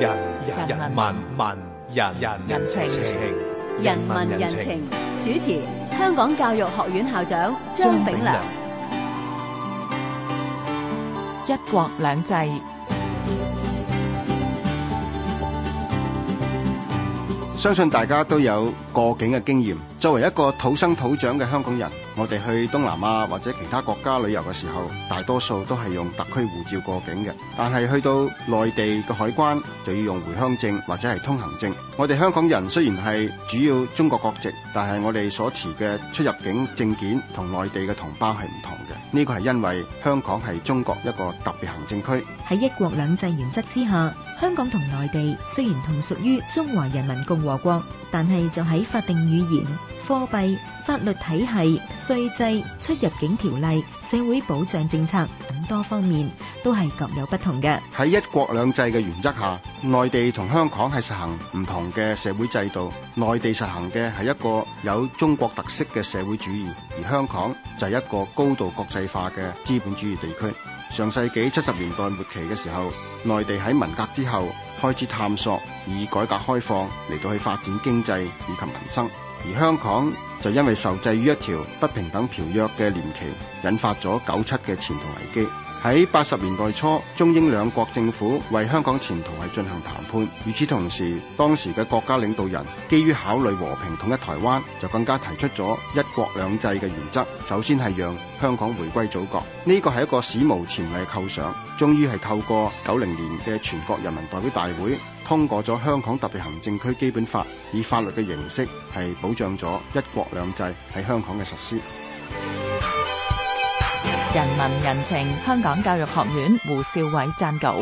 人人民民人人情情人民文人情，人文人情主持香港教育學院校長張炳良，一國兩制，相信大家都有過境嘅經驗，作為一個土生土長嘅香港人，我哋去東南亞或者其他國家旅遊嘅時候，大多數都係用特區護照過境嘅。但係去到內地嘅海關，就要用回鄉證或者係通行證。我哋香港人雖然係主要中國國籍，但係我哋所持嘅出入境證件同內地嘅同胞係唔同嘅。呢個係因為香港係中國一個特別行政區。喺一國兩制原則之下，香港同內地雖然同屬於中華人民共和國，但係就係。喺法定語言、貨幣、法律體系、稅制、出入境條例、社會保障政策等多方面都係各有不同嘅。喺一國兩制嘅原則下，內地同香港係實行唔同嘅社會制度。內地實行嘅係一個有中國特色嘅社會主義，而香港就係一個高度國際化嘅資本主義地區。上世紀七十年代末期嘅時候，內地喺文革之後。開始探索以改革開放嚟到去發展經濟以及民生，而香港，就因為受制於一條不平等條約嘅年期，引發咗九七嘅前途危機。喺八十年代初，中英兩國政府為香港前途係進行談判。與此同時，當時嘅國家領導人基於考慮和平統一台灣，就更加提出咗一國兩制嘅原則。首先係讓香港回歸祖國，呢個係一個史無前例嘅構想。終於係透過九零年嘅全國人民代表大會，通過咗《香港特別行政區基本法》，以法律嘅形式係保障咗一國。兩制係香港嘅實施，人民人情，香港教育學院胡少偉撰稿。